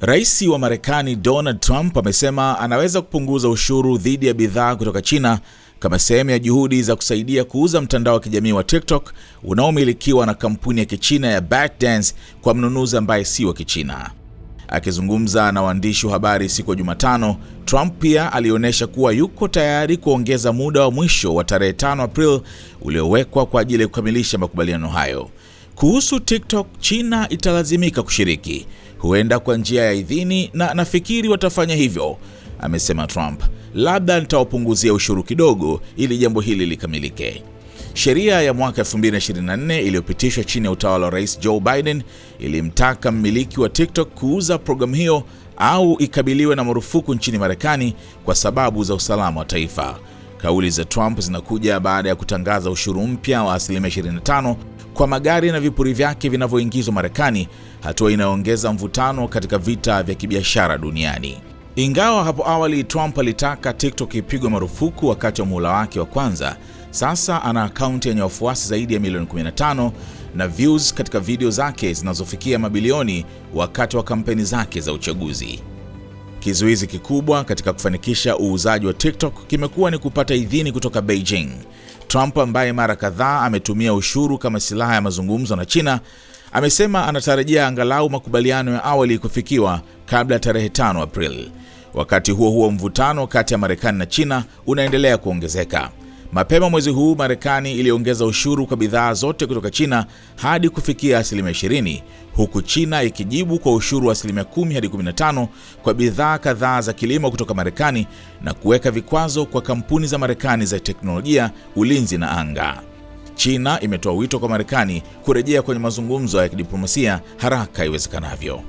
Rais wa Marekani Donald Trump amesema anaweza kupunguza ushuru dhidi ya bidhaa kutoka China kama sehemu ya juhudi za kusaidia kuuza mtandao wa kijamii wa TikTok unaomilikiwa na kampuni ya Kichina ya ByteDance kwa mnunuzi ambaye si wa Kichina. Akizungumza na waandishi wa habari siku ya Jumatano, Trump pia alionyesha kuwa yuko tayari kuongeza muda wa mwisho wa tarehe 5 Aprili uliowekwa kwa ajili ya kukamilisha makubaliano hayo. Kuhusu TikTok, China italazimika kushiriki, huenda kwa njia ya idhini, na nafikiri watafanya hivyo, amesema Trump. Labda nitawapunguzia ushuru kidogo ili jambo hili likamilike. Sheria ya mwaka 2024 iliyopitishwa chini ya utawala wa Rais Joe Biden ilimtaka mmiliki wa TikTok kuuza programu hiyo au ikabiliwe na marufuku nchini Marekani kwa sababu za usalama wa taifa. Kauli za Trump zinakuja baada ya kutangaza ushuru mpya wa asilimia 25 kwa magari na vipuri vyake vinavyoingizwa Marekani, hatua inayoongeza mvutano katika vita vya kibiashara duniani. Ingawa hapo awali Trump alitaka TikTok ipigwe marufuku wakati wa muhula wake wa kwanza, sasa ana akaunti yenye wafuasi zaidi ya milioni 15 na views katika video zake zinazofikia mabilioni wakati wa kampeni zake za uchaguzi. Kizuizi kikubwa katika kufanikisha uuzaji wa TikTok kimekuwa ni kupata idhini kutoka Beijing. Trump ambaye mara kadhaa ametumia ushuru kama silaha ya mazungumzo na China amesema anatarajia angalau makubaliano ya awali kufikiwa kabla ya tarehe 5 Aprili. Wakati huo huo, mvutano kati ya Marekani na China unaendelea kuongezeka. Mapema mwezi huu Marekani iliongeza ushuru kwa bidhaa zote kutoka China hadi kufikia asilimia 20, huku China ikijibu kwa ushuru wa asilimia 10 hadi 15 kwa bidhaa kadhaa za kilimo kutoka Marekani na kuweka vikwazo kwa kampuni za Marekani za teknolojia, ulinzi na anga. China imetoa wito kwa Marekani kurejea kwenye mazungumzo ya kidiplomasia haraka iwezekanavyo.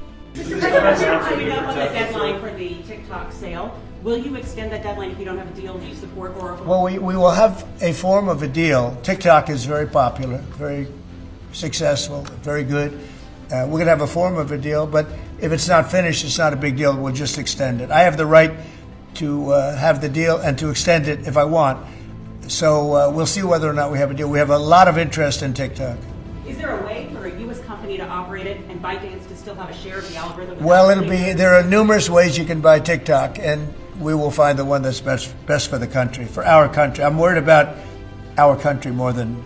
Will you extend that deadline if you don't have a deal? Do you support Oracle? Well, we, we will have a form of a deal. TikTok is very popular, very successful, very good. Uh, we're going to have a form of a deal, but if it's not finished, it's not a big deal. We'll just extend it. I have the right to uh, have the deal and to extend it if I want. So uh, we'll see whether or not we have a deal. We have a lot of interest in TikTok. Is there a company to operate it and ByteDance to still have a share of the algorithm? Well, it'll be there are numerous ways you can buy TikTok, and we will find the one that's best best for the country, for our country. I'm worried about our country more than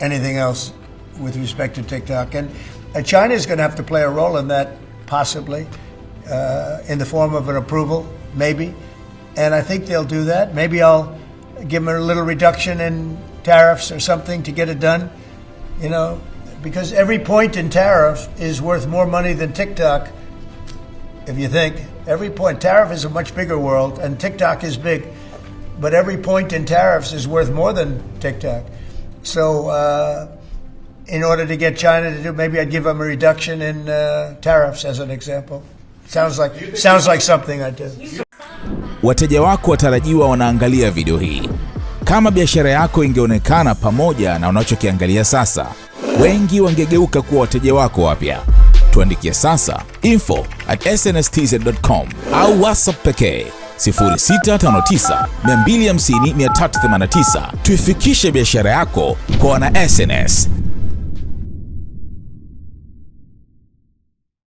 anything else with respect to TikTok, and uh, China is going to have to play a role in that, possibly, uh, in the form of an approval, maybe. And I think they'll do that. Maybe I'll give them a little reduction in tariffs or something to get it done. You know, because every point in tariff is worth more money than TikTok, if you think. Every point, tariff is a much bigger world, and TikTok is big, but every point in tariffs is worth more than TikTok. So, uh, in order to get China to do, maybe I'd give them a reduction in uh, tariffs as an example. Sounds like sounds like something I do. Wateja wako watarajiwa wanaangalia video hii. Kama biashara yako ingeonekana pamoja na unachokiangalia sasa wengi wangegeuka kuwa wateja wako wapya. Tuandikie sasa info at snstz.com au whatsapp pekee 0659 250 389. Tuifikishe biashara yako kwa wana SNS.